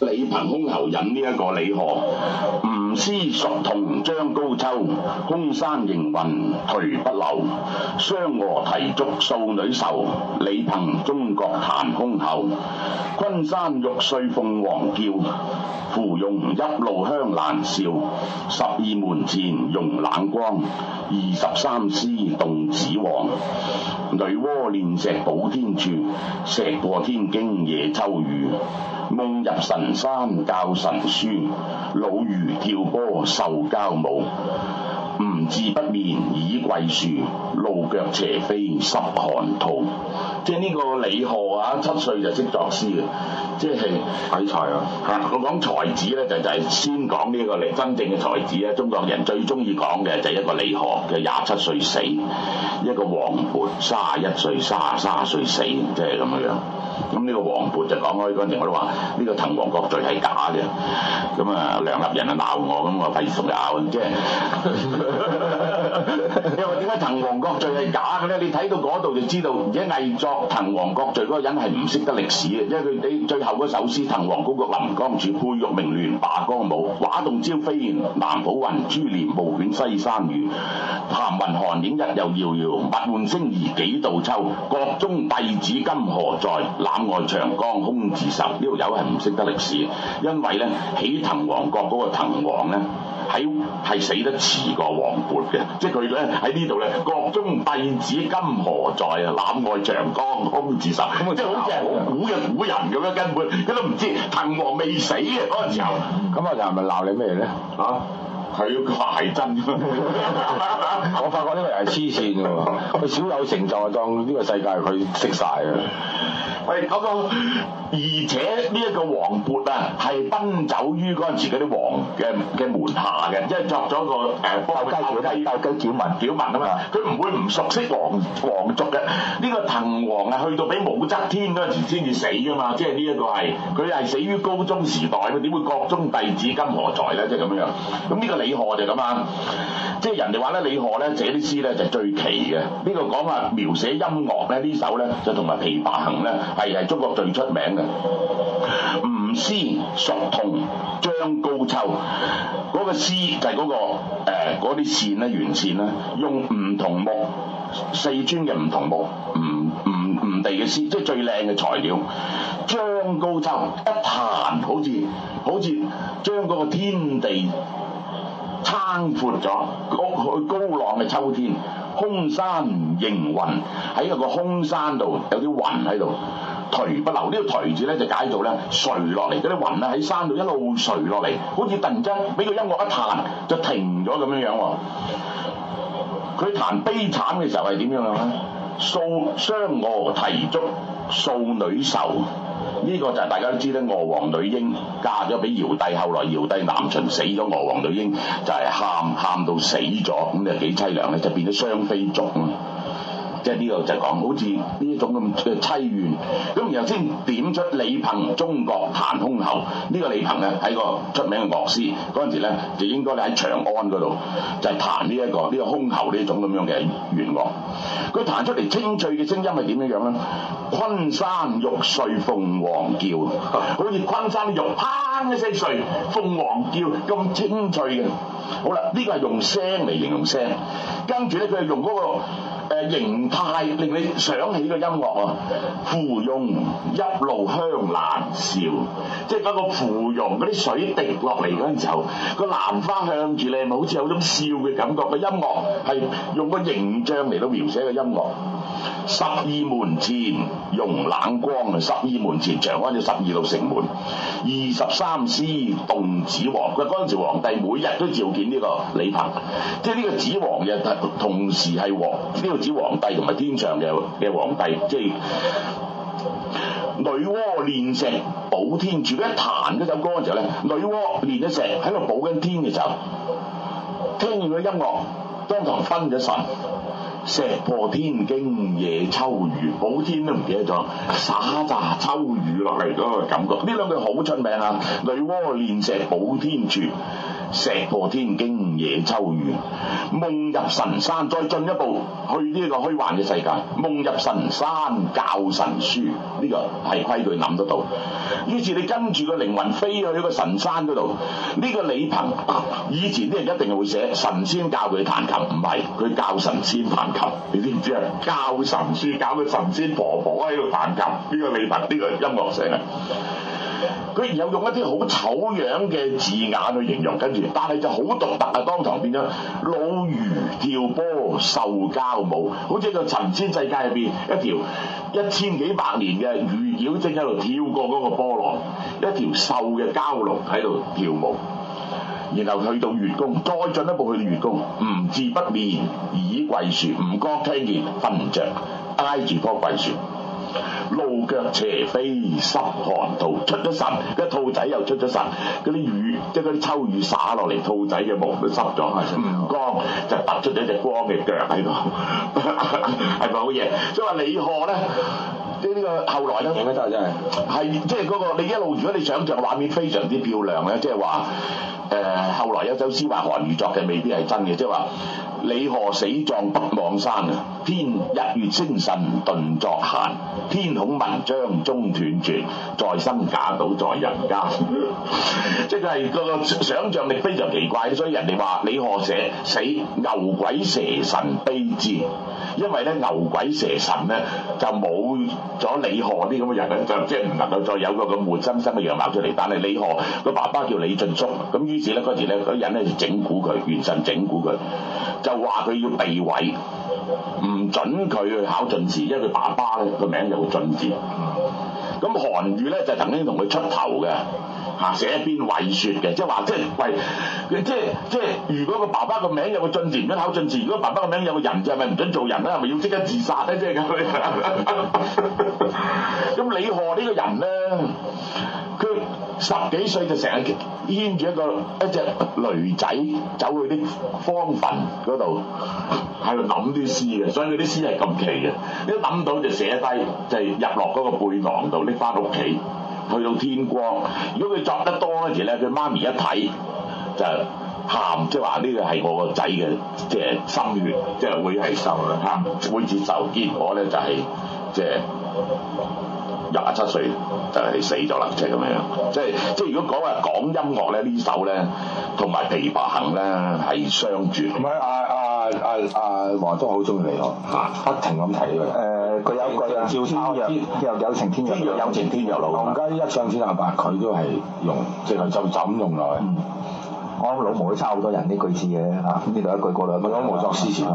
李憑箜篌引呢一個李賀，吳絲蜀桐張高秋，空山凝雲頹不流，江娥啼竹素女愁，李憑中國彈箜篌，昆山玉碎鳳凰，凰叫，芙蓉泣露香蘭笑，十二門前融冷光，二十三絲動紫皇，女媧煉石補天處。石破天驚夜秋雨。夢入神山教神嫗，老魚跳波瘦蛟舞，吳質不眠倚桂樹，露腳斜飛濕寒兔。即係呢個李賀啊，七歲就識作詩嘅，即係鬼才啊，吓，嗯、我講才子咧，就就是、係先講呢、這個個嚟，真正嘅才子啊！中國人最中意講嘅就係一個李賀嘅廿七歲死，一個王勃三十一歲、三十三歲死，即係咁樣、這個這個、樣，咁呢個王勃就講開陣時我都話呢個滕王閣序係假嘅。咁啊，梁立人啊鬧我，咁我費事又鬧，即係因為點解滕王閣序係假嘅咧？你睇到度就知道，而家偽作。滕王閣最嗰人係唔識得歷史嘅，因為佢哋最後嗰首詩，滕王高閣臨江渚，佩玉鳴鸞罷歌舞，畫棟朝飛雁，南浦雲珠簾暮捲西山雨，潭雲寒影日又遙遙，物換星移，幾度秋，閣中帝子今何在？檻外長江空自流。呢、這個友係唔識得歷史嘅，因為呢，起滕王閣嗰個滕王呢。喺係死得遲過王勃嘅，即係佢咧喺呢度咧，閣中帝子今何在啊？檻外長江空自流，即係好似好古嘅古人咁樣，那個、根本佢都唔知滕王未死嘅嗰陣時候。咁、嗯、啊就係咪鬧你咩咧？吓？佢話係真。我發覺呢個人係黐線㗎喎，佢小有成就就當呢個世界佢識晒。啊！喂，嗰個而且呢一個王勃啊，係奔走於嗰陣時嗰啲王嘅嘅門下嘅，即係作咗個誒鬥雞鬥雞，鬥雞表文表佢唔會唔的熟悉王王族嘅。呢、呢個滕王啊，去到俾武則天嗰陣時先至死噶嘛，即係呢一個係佢係死於高宗時代，佢點會閣中帝子今何在咧？即係咁樣。咁、這、呢個李賀就咁啊，即係人哋話咧，李賀咧寫啲詩咧就最奇嘅。呢、呢個講話描寫音樂咧，呢首咧就同埋《琵琶行》咧。係係中國最出名嘅，吳絲蜀桐張高秋，嗰、那個絲就係嗰、那個嗰啲線啦，原線啦，用梧桐木，四川嘅梧桐木，吳吳吳地嘅絲，即係最靚嘅材料。張高秋一彈，好似好似將嗰個天地撐闊咗，高去高朗嘅秋天，空山凝雲，喺一個空山度有啲雲喺度。頹不流，這個、呢個頹字咧就解到咧垂落嚟，嗰啲雲啊喺山度一路垂落嚟，好似突然間俾個音樂一彈就停咗咁樣樣喎。佢彈悲慘嘅時候係點樣咧？素湘娥啼竹，素女愁，呢、這個，就係大家都知道咧。娥皇女英嫁咗俾堯帝，後來堯帝南巡死咗，娥皇女英就係喊喊到死咗，咁就幾淒涼咧，就變咗湘妃竹啊。即係呢個就係講好似呢一種咁嘅悽怨，咁然後先點出李憑中國彈箜篌。呢、這個李憑咧係個出名嘅樂師，嗰陣時咧就應該你喺長安嗰度就係彈呢一個呢、這個箜篌呢種咁樣嘅弦樂。佢彈出嚟清脆嘅聲音係點嘅樣咧？崑山玉碎鳳凰叫，好似昆山玉啪一聲碎，鳳凰叫咁清脆嘅。好啦，呢、這個係用聲嚟形容聲，跟住咧佢係用嗰、那個、呃、形態令你想起個音樂啊。芙蓉一路香蘭笑，即係嗰個芙蓉嗰啲水滴落嚟嗰陣時候，個蘭花向住你，咪好似有種笑嘅感覺。個音樂係用個形象嚟到描寫個音樂。十二門前融冷光啊！十二門前長安。就十二道城門。二十三絲動紫皇。嗰陣時皇帝每日都召見呢個李憑，即係呢個紫皇，嘅，同時係皇，呢個指皇帝同埋天上嘅嘅皇帝，即係女媧煉石補天，住一彈呢首歌嘅時候咧，女媧煉一石喺度補緊天嘅時候，聽完個音樂當堂分咗神。石破天驚夜秋雨，補天都唔記得咗，撒咋秋雨落嚟嗰個感覺，呢兩句好出名啊！女媧煉石補天處，石破天驚夜秋雨，夢入神山，再進一步去呢個虛幻嘅世界，夢入神山教神嫗，呢、這個係規矩諗，得到。於是你跟住個靈魂飛去個神山度，呢、這個李憑，以前啲人一定係會寫神仙教佢彈琴，唔係，佢教神仙彈。你知唔知啊？教神書教個神仙婆婆喺度彈琴，呢、這個李憑呢個音樂性啊！佢然後用一啲好醜樣嘅字眼去形容，跟住但係就好獨特啊！當堂變咗老魚跳波瘦蛟舞，好似個神仙世界入邊一條一千幾百年嘅魚妖正喺度跳過嗰個波浪，一條瘦嘅蛟龍喺度跳舞。然後去到月宮，再進一步去到月宮，吳質不眠，倚桂樹，吳剛聽見，瞓唔著，挨住棵桂樹，露腳斜飛，濕寒兔出咗神，一、那個、兔仔又出咗神，嗰啲雨即係嗰啲秋雨灑落嚟，兔仔嘅毛都濕咗啊，吳剛就凸出咗隻光嘅腳喺度，係咪好嘢？即係話李賀咧。即係呢個後來咧，點解得真係？係即係嗰、那個你一路，如果你想像嘅畫面非常之漂亮咧，即係話誒後來有首詩話韓愈作嘅，未必係真嘅，即係話李賀死葬北邙山，啊！天日月星辰頓作閑，天恐文章中斷絕，再生賈島在人間。 即係個想像力非常奇怪，所以人哋話李賀寫死，牛鬼蛇神悲之，因為咧牛鬼蛇神咧就冇。仲有李賀啲咁嘅人就即係唔能夠再有個咁活生生嘅樣貌出嚟，但係李賀個爸爸叫李晉肅，咁於是咧嗰時咧嗰人咧就整蠱佢，完全整蠱佢，就話佢要避諱，唔準佢去考進士，因為佢爸爸咧個名有進字，咁韓愈咧就是、曾經同佢出頭嘅。嚇寫一篇遺書嘅，即係話即係喂即係即係，如果個爸爸個名有個進字唔準考進士，如果爸爸名個爸爸個名有個人字係咪唔准做人咧？係咪要即刻自殺咧？即係咁咁李賀呢個人咧，佢十幾歲就成日牽住一個一隻驢仔走去啲荒墳嗰度喺度諗啲詩嘅，所以佢啲詩係咁奇嘅。一諗到就寫低，就係、入落嗰個背囊度拎翻屋企。去到天光，如果佢作得多嗰時咧，佢媽咪一睇就喊，即係話呢個係我個仔嘅，即係心血，即係會係受啦，吓，會接受。結果咧就係即係廿七歲就係死咗啦，即係咁、就是就是、樣，即係即係如果講話講音樂咧，首呢首咧同埋《琵琶行》咧係相傳。唔係啊！阿阿黃忠好中意你我，不停咁提呢誒，佢、呃、有句《天照，照天日》，又《有情天日》，《有情天日》天老。雄雞、啊、一唱天下白，佢都係用，即係就就咁用落去。嗯、我諗老毛都抄好多人呢句子嘅，嚇、啊。呢度一句過兩句，老毛作詩先。